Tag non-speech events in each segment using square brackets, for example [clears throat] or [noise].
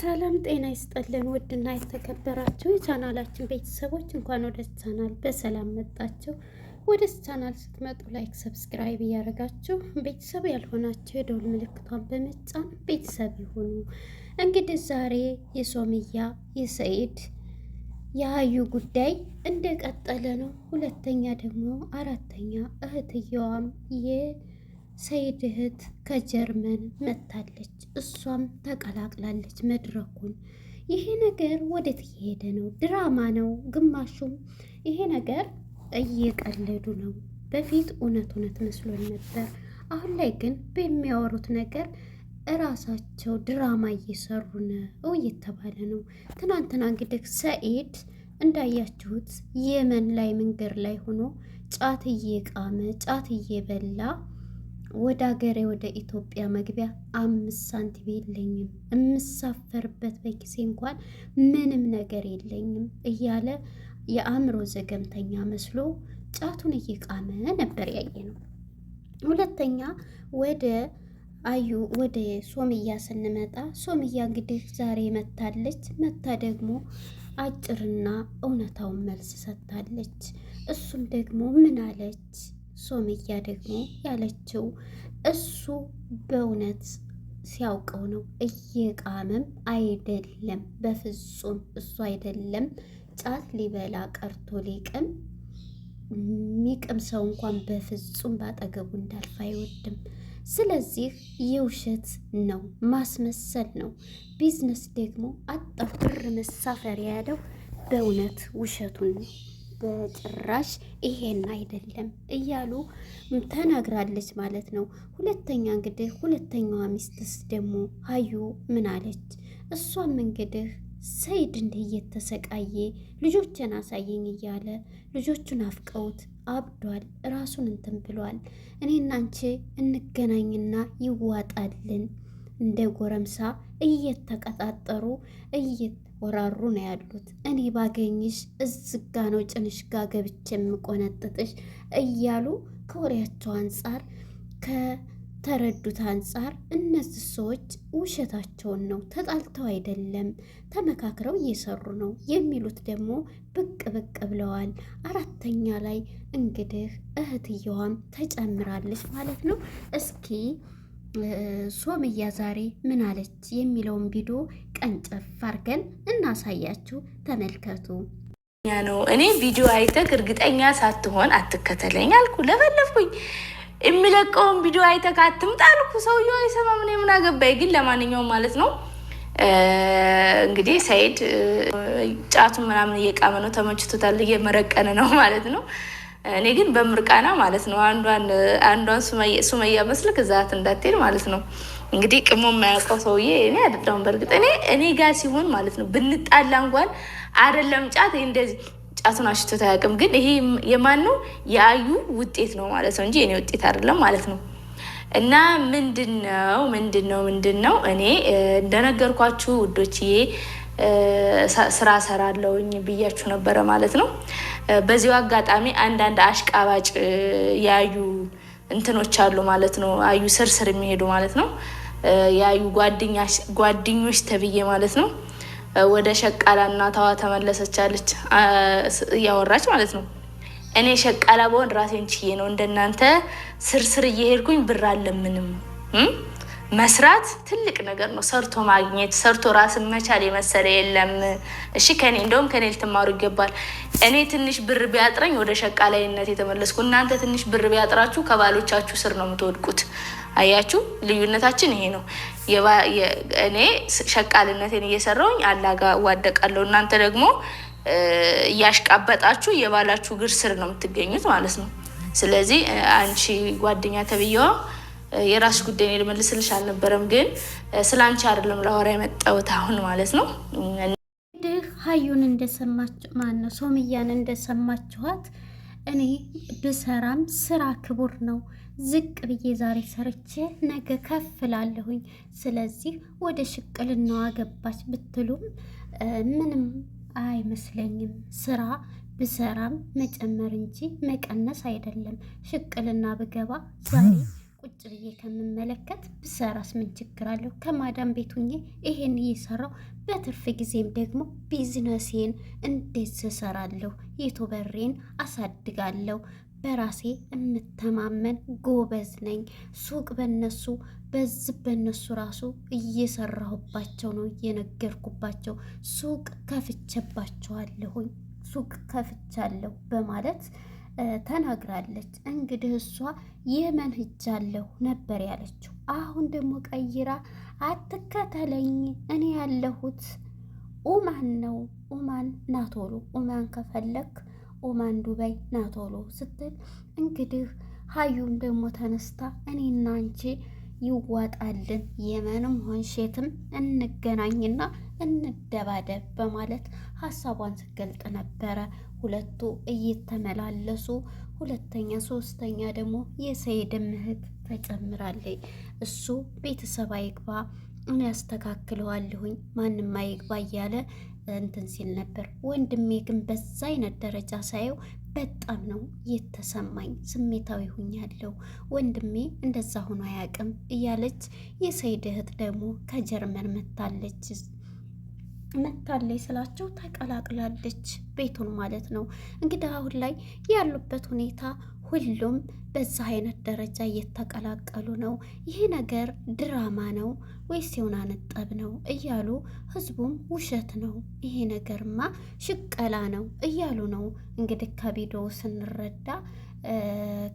ሰላም ጤና ይስጠልን። ውድና የተከበራችሁ የቻናላችን ቤተሰቦች እንኳን ወደ ቻናል በሰላም መጣችሁ። ወደ ቻናል ስትመጡ ላይክ፣ ሰብስክራይብ እያደረጋችሁ ቤተሰብ ያልሆናቸው የዶል ምልክቷን በመጫን ቤተሰብ ይሁኑ። እንግዲህ ዛሬ የሶምያ የሰኢድ የአዩ ጉዳይ እንደቀጠለ ነው። ሁለተኛ ደግሞ አራተኛ እህትየዋም ሰይድ እህት ከጀርመን መጥታለች። እሷም ተቀላቅላለች መድረኩን። ይሄ ነገር ወዴት እየሄደ ነው? ድራማ ነው። ግማሹም ይሄ ነገር እየቀለዱ ነው። በፊት እውነት እውነት መስሎን ነበር። አሁን ላይ ግን በሚያወሩት ነገር እራሳቸው ድራማ እየሰሩ ነው እየተባለ ነው። ትናንትና እንግዲህ ሰኢድ እንዳያችሁት የመን ላይ መንገድ ላይ ሆኖ ጫት እየቃመ ጫት እየበላ ወደ ሀገሬ ወደ ኢትዮጵያ መግቢያ አምስት ሳንቲም የለኝም፣ የምሳፈርበት በጊዜ እንኳን ምንም ነገር የለኝም እያለ የአእምሮ ዘገምተኛ መስሎ ጫቱን እየቃመ ነበር ያየ ነው። ሁለተኛ ወደ አዩ ወደ ሶምያ ስንመጣ ሶምያ እንግዲህ ዛሬ መታለች። መታ ደግሞ አጭርና እውነታውን መልስ ሰጥታለች። እሱም ደግሞ ምን አለች? ሶምያ ደግሞ ያለችው እሱ በእውነት ሲያውቀው ነው እየቃመም አይደለም፣ በፍጹም እሱ አይደለም። ጫት ሊበላ ቀርቶ ሊቅም ሚቅም ሰው እንኳን በፍጹም ባጠገቡ እንዳልፍ አይወድም። ስለዚህ የውሸት ነው ማስመሰል ነው። ቢዝነስ ደግሞ አጣው ብር መሳፈሪያ ያለው በእውነት ውሸቱን ነው። በጭራሽ ይሄን አይደለም እያሉ ተናግራለች ማለት ነው። ሁለተኛ እንግዲህ ሁለተኛዋ ሚስትስ ደግሞ ሀዩ ምን አለች? እሷም እንግዲህ ሰይድ እንደ እየተሰቃየ ልጆችን አሳየኝ እያለ ልጆቹን አፍቀውት አብዷል፣ ራሱን እንትን ብሏል። እኔና አንቺ እንገናኝና ይዋጣልን እንደ ጎረምሳ እየተቀጣጠሩ እየ ወራሩ ነው ያሉት። እኔ ባገኝሽ እዝጋ ነው ጭንሽ ጋ ገብቼ የምቆነጥጥሽ እያሉ ከወሬያቸው አንጻር ከተረዱት አንጻር እነዚህ ሰዎች ውሸታቸውን ነው፣ ተጣልተው አይደለም ተመካክረው እየሰሩ ነው የሚሉት ደግሞ ብቅ ብቅ ብለዋል። አራተኛ ላይ እንግዲህ እህትየዋም ተጨምራለች ማለት ነው። እስኪ ሶምያ ዛሬ ምን አለች የሚለውን ቪዲዮ ቀንጨፍ አርገን እናሳያችሁ። ተመልከቱ። ያ ነው እኔ ቪዲዮ አይተክ እርግጠኛ ሳትሆን አትከተለኝ አልኩ፣ ለበለፍኩኝ የሚለቀውን ቪዲዮ አይተክ አትምጣ አልኩ። ሰውየው አይሰማም፣ እኔ ምን አገባኝ። ግን ለማንኛውም ማለት ነው እንግዲህ ሰይድ ጫቱን ምናምን እየቃመ ነው፣ ተመችቶታል፣ እየመረቀነ ነው ማለት ነው። እኔ ግን በምርቃና ማለት ነው አንዷን ሱመያ መስልክ እዛት እንዳትሄድ ማለት ነው እንግዲህ ቅሞ የማያውቀው ሰውዬ እኔ አይደለሁም። በእርግጥ እኔ እኔ ጋር ሲሆን ማለት ነው ብንጣላ እንኳን አይደለም ጫት እንደዚህ ጫቱን አሽቶ ታያቅም። ግን ይሄ የማን ነው? የአዩ ውጤት ነው ማለት ነው እንጂ እኔ ውጤት አይደለም ማለት ነው። እና ምንድን ነው ምንድን ነው ምንድን ነው እኔ እንደነገርኳችሁ ውዶችዬ ስራ ሰራለሁኝ ብያችሁ ነበረ ማለት ነው። በዚሁ አጋጣሚ አንዳንድ አሽቃባጭ ያዩ እንትኖች አሉ ማለት ነው። አዩ ስር ስር የሚሄዱ ማለት ነው። ያዩ ጓደኞች ተብዬ ማለት ነው። ወደ ሸቃላ እናታዋ ተመለሰች አለች እያወራች ማለት ነው። እኔ ሸቃላ በሆን ራሴን ችዬ ነው እንደናንተ ስርስር እየሄድኩኝ ብር አለምንም። መስራት ትልቅ ነገር ነው። ሰርቶ ማግኘት፣ ሰርቶ ራስን መቻል የመሰለ የለም። እሺ ከኔ እንደውም ከኔ ልትማሩ ይገባል። እኔ ትንሽ ብር ቢያጥረኝ ወደ ሸቃላይነት የተመለስኩ፣ እናንተ ትንሽ ብር ቢያጥራችሁ ከባሎቻችሁ ስር ነው የምትወድቁት። አያችሁ፣ ልዩነታችን ይሄ ነው። እኔ ሸቃልነትን እየሰራውኝ አላጋ ዋደቃለሁ፣ እናንተ ደግሞ እያሽቃበጣችሁ የባላችሁ እግር ስር ነው የምትገኙት ማለት ነው። ስለዚህ አንቺ ጓደኛ ተብዬዋ የራስሽ ጉዳይ እኔ ልመልስልሽ አልነበረም፣ ግን ስለ አንቺ አይደለም ላወራ የመጣሁት አሁን ማለት ነው። እንግዲህ ሀዩን እንደሰማች ማነው ሶምያን እንደሰማችኋት እኔ ብሰራም ስራ ክቡር ነው ዝቅ ብዬ ዛሬ ሰርቼ ነገ ከፍ ላለሁኝ። ስለዚህ ወደ ሽቅልናዋ ገባች ብትሉም ምንም አይመስለኝም። ስራ ብሰራም መጨመር እንጂ መቀነስ አይደለም። ሽቅልና ብገባ ዛሬ ቁጭ ብዬ ከምመለከት ብሰራስ ምን ችግር አለው? ከማዳም ቤቱ ይሄን እየሰራው በትርፍ ጊዜም ደግሞ ቢዝነሴን እንዴት ስሰራለሁ? ዩቱበሬን አሳድጋለሁ በራሴ የምተማመን ጎበዝ ነኝ። ሱቅ በነሱ በዝ በነሱ ራሱ እየሰራሁባቸው ነው እየነገርኩባቸው ሱቅ ከፍቼባቸዋለሁኝ ሱቅ ከፍቻለሁ በማለት ተናግራለች። እንግዲህ እሷ የመን ሂጃለሁ ነበር ያለችው። አሁን ደግሞ ቀይራ አትከተለኝ፣ እኔ ያለሁት ኡማን ነው። ኡማን ናቶሎ ኡማን ከፈለክ ኦማን ዱባይ ናቶሎ ስትል እንግዲህ ሀዩም ደግሞ ተነስታ እኔና አንቺ ይዋጣልን የመንም ሆንሼትም እንገናኝና እንደባደብ በማለት ሀሳቧን ስገልጥ ነበረ። ሁለቱ እየተመላለሱ ሁለተኛ ሶስተኛ ደግሞ የሰይድ ምህት ተጨምራለች። እሱ ቤተሰብ አይግባ እኔ ያስተካክለዋለሁኝ ማንም አይግባ እያለ እንትን ሲል ነበር። ወንድሜ ግን በዛ አይነት ደረጃ ሳየው በጣም ነው የተሰማኝ። ስሜታዊ ሁኛለሁ። ወንድሜ እንደዛ ሆኖ አያውቅም እያለች የሰይድ እህት ደግሞ ከጀርመን መታለች መታለይ ስላቸው ተቀላቅላለች፣ ቤቱን ማለት ነው። እንግዲህ አሁን ላይ ያሉበት ሁኔታ ሁሉም በዛ አይነት ደረጃ እየተቀላቀሉ ነው። ይሄ ነገር ድራማ ነው ወይስ የሆነ ነጠብ ነው እያሉ ህዝቡም ውሸት ነው ይሄ ነገርማ ሽቀላ ነው እያሉ ነው። እንግዲህ ከቪዲዮ ስንረዳ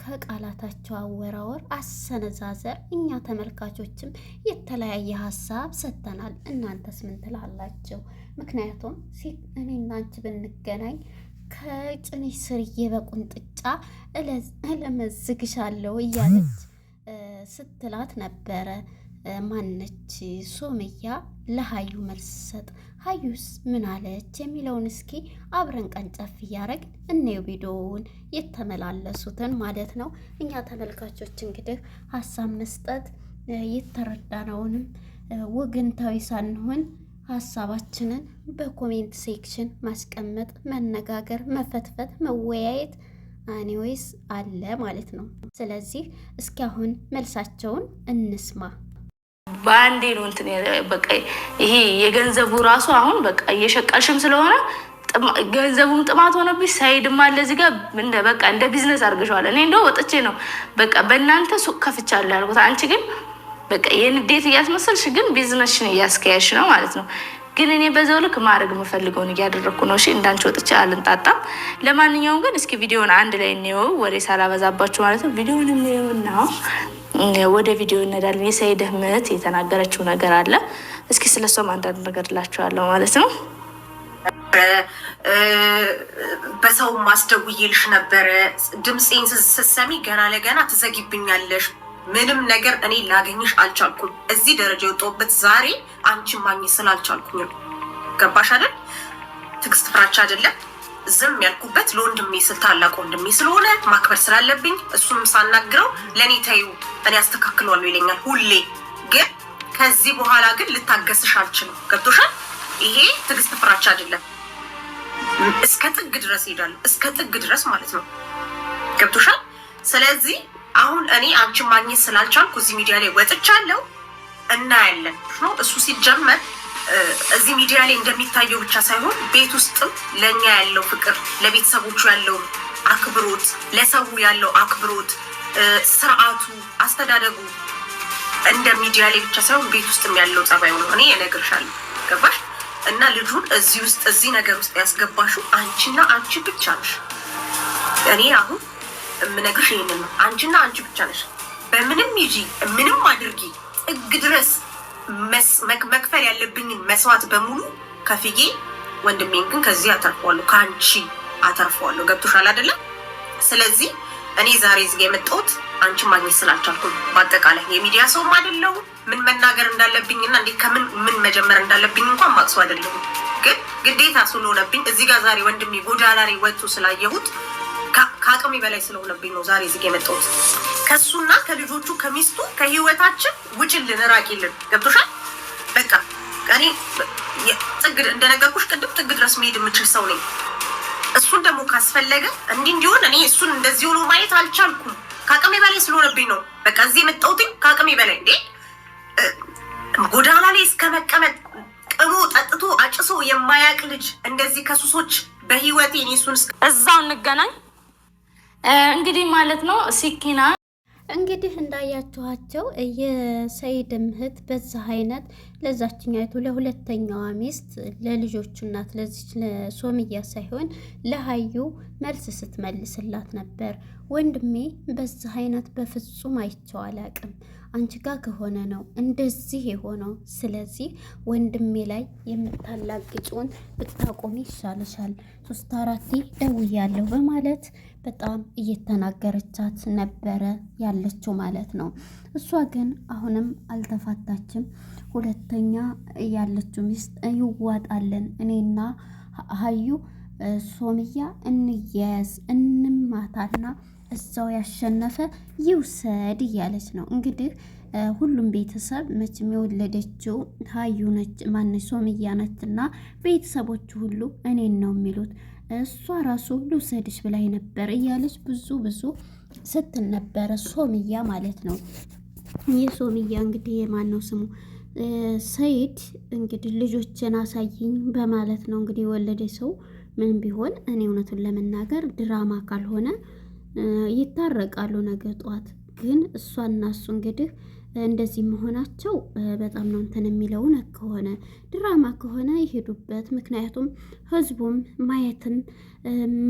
ከቃላታቸው አወራወር፣ አሰነዛዘር እኛ ተመልካቾችም የተለያየ ሀሳብ ሰጥተናል። እናንተስ ምን ትላላችሁ? ምክንያቱም እኔ እናንች ብንገናኝ ከጭንሽ ስርዬ በቁንጥጫ እለመዝግሻለሁ እያለች [clears throat] ስትላት ነበረ። ማነች ሶምያ ለሀዩ መልስ ሰጥ። ሀዩስ ምን አለች የሚለውን እስኪ አብረን ቀንጨፍ እያረግ እኔው ቪዲዮውን የተመላለሱትን ማለት ነው። እኛ ተመልካቾች እንግዲህ ሀሳብ መስጠት የተረዳነውንም ወገንታዊ ሳንሆን ሀሳባችንን በኮሜንት ሴክሽን ማስቀመጥ፣ መነጋገር፣ መፈትፈት፣ መወያየት አኔዌይስ አለ ማለት ነው። ስለዚህ እስኪ አሁን መልሳቸውን እንስማ። በአንዴ ነው እንትን በቃ ይሄ የገንዘቡ ራሱ አሁን በቃ እየሸቀልሽም ስለሆነ ገንዘቡም ጥማት ሆነብሽ። ሳይድም አለ እዚህ ጋር በቃ እንደ ቢዝነስ አድርግሸዋል። እኔ እንደው ወጥቼ ነው በቃ በእናንተ ሱቅ ከፍቻለሁ ያልኩት አንቺ ግን በቃ የንዴት እያስመሰልሽ ግን ቢዝነስሽን እያስከያሽ ነው ማለት ነው። ግን እኔ በዛው ልክ ማድረግ የምፈልገውን እያደረግኩ ነው። እሺ እንዳንቺ ወጥቼ አልንጣጣም። ለማንኛውም ግን እስኪ ቪዲዮን አንድ ላይ እንየው፣ ወሬ ሳላበዛባችሁ ማለት ነው። ቪዲዮን እንየውና ወደ ቪዲዮ እንሄዳለን። የሰኢድ እህት የተናገረችው ነገር አለ። እስኪ ስለሷም አንዳንድ ነገር እላችኋለሁ ማለት ነው። በሰው ማስደውዬልሽ ነበረ። ድምፄን ስትሰሚ ገና ለገና ትዘጊብኛለሽ ምንም ነገር እኔ ላገኝሽ አልቻልኩም። እዚህ ደረጃ የወጣሁበት ዛሬ አንቺን ማግኘት ስላልቻልኩኝ ነው። ገባሽ አይደል? ትዕግስት ፍራቻ አይደለም። ዝም ያልኩበት ለወንድሜ ስል ታላቅ ወንድሜ ስለሆነ ማክበር ስላለብኝ እሱም ሳናግረው ለእኔ ተይው እኔ አስተካክለዋለሁ ይለኛል ሁሌ። ግን ከዚህ በኋላ ግን ልታገስሽ አልችልም። ገብቶሻል? ይሄ ትዕግስት ፍራቻ አይደለም። እስከ ጥግ ድረስ ይሄዳሉ። እስከ ጥግ ድረስ ማለት ነው። ገብቶሻል? ስለዚህ አሁን እኔ አንቺን ማግኘት ስላልቻልኩ እዚህ ሚዲያ ላይ ወጥቻለሁ። እናያለን ነው እሱ ሲጀመር እዚህ ሚዲያ ላይ እንደሚታየው ብቻ ሳይሆን ቤት ውስጥም ለእኛ ያለው ፍቅር፣ ለቤተሰቦቹ ያለው አክብሮት፣ ለሰው ያለው አክብሮት፣ ስርዓቱ፣ አስተዳደጉ እንደ ሚዲያ ላይ ብቻ ሳይሆን ቤት ውስጥም ያለው ጸባይ ነው። እኔ እነግርሻለሁ። ገባሽ? እና ልጁን እዚህ ውስጥ እዚህ ነገር ውስጥ ያስገባሹ አንቺና አንቺ ብቻ ነሽ። እኔ አሁን የምነግርሽ ይህንን ነው። አንቺና አንቺ ብቻ ነሽ። በምንም ይጂ ምንም አድርጊ ጥግ ድረስ መክፈል ያለብኝን መስዋዕት በሙሉ ከፍዬ ወንድሜን ግን ከዚህ አተርፈዋለሁ፣ ከአንቺ አተርፈዋለሁ። ገብቶሻል አይደለም? ስለዚህ እኔ ዛሬ እዚህ የመጣሁት አንቺ ማግኘት ስላልቻልኩ፣ በአጠቃላይ የሚዲያ ሰውም አይደለሁ ምን መናገር እንዳለብኝና እንዴት ከምን ምን መጀመር እንዳለብኝ እንኳን ማቅሱ አይደለሁም። ግን ግዴታ ስለሆነብኝ እዚህ ጋር ዛሬ ወንድሜ ጎዳና ላይ ወጥቶ ስላየሁት ከአቅሜ በላይ ስለሆነብኝ ነው ዛሬ እዚህ የመጣሁት። ከሱና ከልጆቹ ከሚስቱ ከህይወታችን ውጭልን፣ ራቂልን። ገብቶሻል? በቃ እኔ ጥግ እንደነገርኩሽ ቅድም ጥግ ድረስ መሄድ የምችል ሰው ነኝ። እሱን ደግሞ ካስፈለገ እንዲህ እንዲሆን እኔ እሱን እንደዚህ ሆኖ ማየት አልቻልኩም። ከአቅሜ በላይ ስለሆነብኝ ነው በቃ እዚህ የመጣሁትኝ ከአቅሜ በላይ እንዴ ጎዳና ላይ እስከ መቀመጥ ቅሞ ጠጥቶ አጭሶ የማያቅ ልጅ እንደዚህ ከሱሶች በህይወቴ እኔ እሱን እዛው እንገናኝ እንግዲህ ማለት ነው ሲኪና እንግዲህ እንዳያችኋቸው የሰይድ ምህት በዛ አይነት ለዛችኛይቱ ለሁለተኛዋ ሚስት ለልጆቹ እናት ለዚች ለሶምያ ሳይሆን ለሀዩ መልስ ስትመልስላት ነበር። ወንድሜ በዚህ አይነት በፍጹም አይቼው አላቅም። አንቺ ጋር ከሆነ ነው እንደዚህ የሆነው። ስለዚህ ወንድሜ ላይ የምታላግጭውን ብታቆሚ ይሻልሻል። ሶስት አራቴ ደውያለሁ በማለት በጣም እየተናገረቻት ነበረ ያለችው ማለት ነው። እሷ ግን አሁንም አልተፋታችም። ሁለተኛ ያለችው ሚስት ይዋጣለን። እኔና ሀዩ ሶምያ እንያያዝ እንማታና እዛው ያሸነፈ ይውሰድ እያለች ነው እንግዲህ ሁሉም ቤተሰብ መቼም የወለደችው ሀዩ ነች፣ ማነች ሶምያ ነችና ቤተሰቦቹ ሁሉ እኔን ነው የሚሉት። እሷ ራሱ ልውሰድሽ ብላኝ ነበር እያለች ብዙ ብዙ ስትል ነበረ ሶምያ ማለት ነው። ሶምያ እንግዲህ የማን ነው ስሙ? ሰይድ እንግዲህ ልጆችን አሳይኝ በማለት ነው እንግዲህ የወለደ ሰው ምን ቢሆን እኔ እውነቱን ለመናገር ድራማ ካልሆነ ይታረቃሉ ነገ ጠዋት። ግን እሷና እሱ እንግዲህ እንደዚህ መሆናቸው በጣም ነው እንትን የሚለው ከሆነ ድራማ ከሆነ ይሄዱበት። ምክንያቱም ህዝቡም ማየትም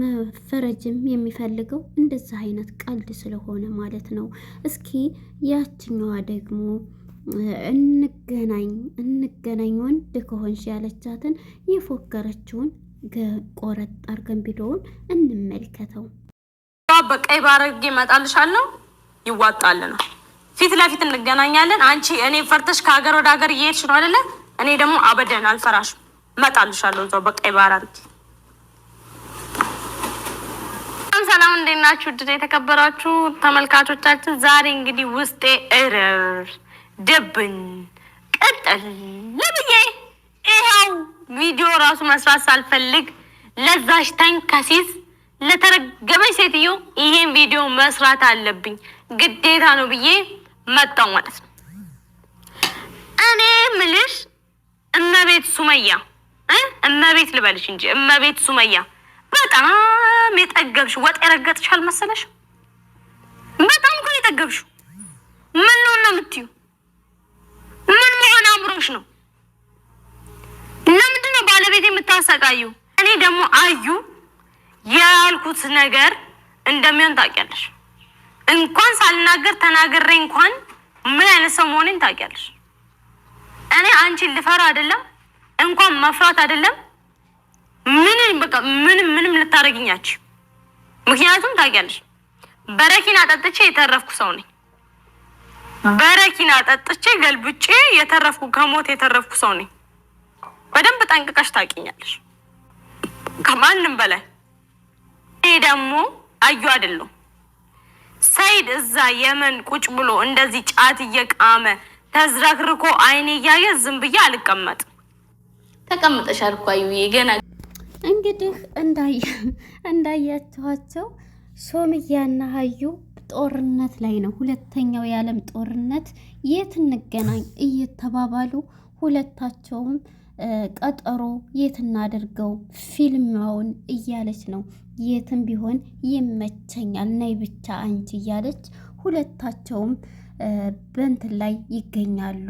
መፈረጅም የሚፈልገው እንደዚህ አይነት ቀልድ ስለሆነ ማለት ነው። እስኪ ያችኛዋ ደግሞ እንገናኝ እንገናኝ ወንድ ከሆንሽ ያለቻትን የፎከረችውን ቆረጥ አርገን ቪዲዮውን እንመልከተው። በቀይ ባረግ ባረጌ ይዋጣል ነው ፊት ለፊት እንገናኛለን። አንቺ እኔ ፈርተሽ ከሀገር ወደ ሀገር እየሄድሽ ነው አይደለ? እኔ ደግሞ አበደን አልፈራሽም፣ እመጣልሻለሁ እዛው በቀይ ባረጌ። ሰላም እንዴት ናችሁ? ድድ የተከበራችሁ ተመልካቾቻችን ዛሬ እንግዲህ ውስጤ እርር ድብን ቅጥል ለብዬ ይኸው ቪዲዮ ራሱ መስራት ሳልፈልግ ለዛሽ ተንከሲስ ለተረገመች ሴትዮ ይሄን ቪዲዮ መስራት አለብኝ ግዴታ ነው ብዬ መጣው ማለት ነው። እኔ ምልሽ እመቤት ሱመያ እመቤት ልበልሽ እንጂ እመቤት ሱመያ በጣም የጠገብሽ ወጥ የረገጥሽ አልመሰለሽም? በጣም እኮ የጠገብሽ ምን ነው የምትዩ ምን መሆን አምሮሽ ነው? ለምንድን ነው ባለቤት የምታሰቃዩ? እኔ ደግሞ አዩ ያልኩት ነገር እንደሚሆን ታውቂያለሽ። እንኳን ሳልናገር ተናግሬ እንኳን ምን አይነት ሰው መሆኔን ታውቂያለሽ። እኔ አንቺን ልፈራ አይደለም እንኳን መፍራት አይደለም ምንም በቃ ምንም ምንም ልታደርግኛችሁ። ምክንያቱም ታውቂያለሽ በረኪና ጠጥቼ የተረፍኩ ሰው ነኝ። በረኪና ጠጥቼ ገልብጬ የተረፍኩ ከሞት የተረፍኩ ሰው ነኝ። በደንብ ጠንቅቀሽ ታውቂኛለሽ ከማንም በላይ። ይህ ደግሞ አዩ አይደለሁ ሰይድ እዛ የመን ቁጭ ብሎ እንደዚህ ጫት እየቃመ ተዝረክርኮ አይኔ እያየ ዝም ብዬ አልቀመጥም። ተቀምጠሻል እኮ አዩዬ። ገና እንግዲህ እንዳያችኋቸው ሶምያና አዩ ጦርነት ላይ ነው። ሁለተኛው የዓለም ጦርነት የት እንገናኝ እየተባባሉ ሁለታቸውም ቀጠሮ የት እናደርገው ፊልማውን እያለች ነው። የትም ቢሆን ይመቸኛል ነይ ብቻ አንቺ እያለች ሁለታቸውም በንትን ላይ ይገኛሉ።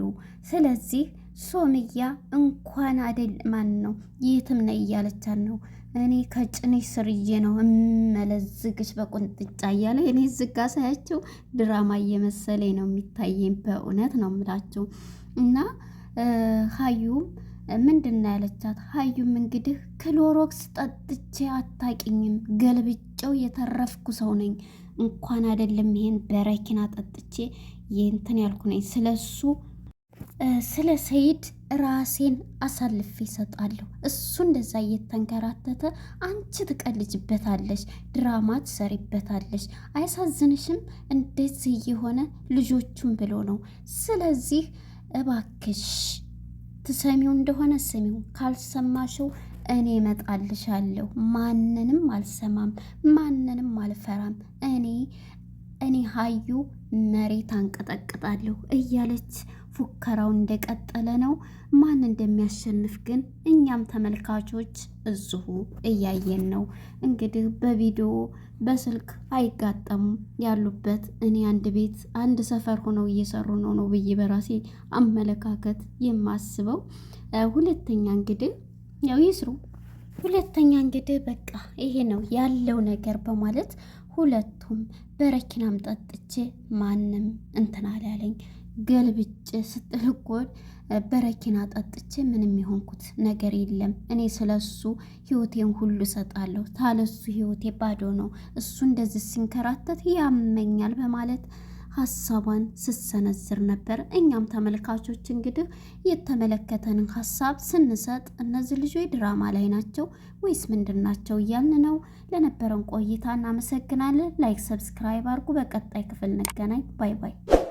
ስለዚህ ሶምያ እንኳን አደል ማን ነው የትም ነ እያለቻት ነው። እኔ ከጭንሽ ስርዬ ነው እመለዝግሽ በቁንጥጫ እያለ እኔ ዝጋ ሳያቸው ድራማ እየመሰለኝ ነው የሚታየኝ። በእውነት ነው የምላቸው እና ሀዩም ምንድን ነው ያለቻት? ሀዩም እንግዲህ ክሎሮክስ ጠጥቼ አታቂኝም፣ ገልብጨው የተረፍኩ ሰው ነኝ። እንኳን አይደለም ይሄን በረኪና ጠጥቼ ይህንትን ያልኩ ነኝ ስለሱ ስለ ሰይድ ራሴን አሳልፌ ይሰጣለሁ። እሱ እንደዛ እየተንከራተተ አንቺ ትቀልጅበታለሽ፣ ድራማ ትሰሪበታለሽ። አያሳዝንሽም? እንደዚህ እየሆነ ልጆቹን ብሎ ነው። ስለዚህ እባክሽ ትሰሚው እንደሆነ ስሚው፣ ካልሰማሽው እኔ እመጣልሻለሁ። ማንንም አልሰማም፣ ማንንም አልፈራም። እኔ እኔ ሀዩ መሬት አንቀጠቅጣለሁ እያለች ፉከራው እንደቀጠለ ነው። ማን እንደሚያሸንፍ ግን እኛም ተመልካቾች እዚሁ እያየን ነው። እንግዲህ በቪዲዮ በስልክ አይጋጠሙም። ያሉበት እኔ አንድ ቤት አንድ ሰፈር ሆነው እየሰሩ ነው ነው ብዬ በራሴ አመለካከት የማስበው። ሁለተኛ እንግዲህ ያው ይስሩ። ሁለተኛ እንግዲህ በቃ ይሄ ነው ያለው ነገር በማለት ሁለቱም በረኪናም ጠጥቼ ማንም እንትን አላለኝ ገልብጭ ስጥልቆን በረኪና ጠጥቼ ምንም የሆንኩት ነገር የለም። እኔ ስለሱ ህይወቴን ሁሉ እሰጣለሁ፣ ታለሱ ህይወቴ ባዶ ነው። እሱ እንደዚህ ሲንከራተት ያመኛል በማለት ሀሳቧን ስሰነዝር ነበር። እኛም ተመልካቾች እንግዲህ የተመለከተንን ሀሳብ ስንሰጥ እነዚህ ልጆች ድራማ ላይ ናቸው ወይስ ምንድን ናቸው እያልን ነው። ለነበረን ቆይታ እናመሰግናለን። ላይክ፣ ሰብስክራይብ አድርጉ። በቀጣይ ክፍል እንገናኝ። ባይ ባይ።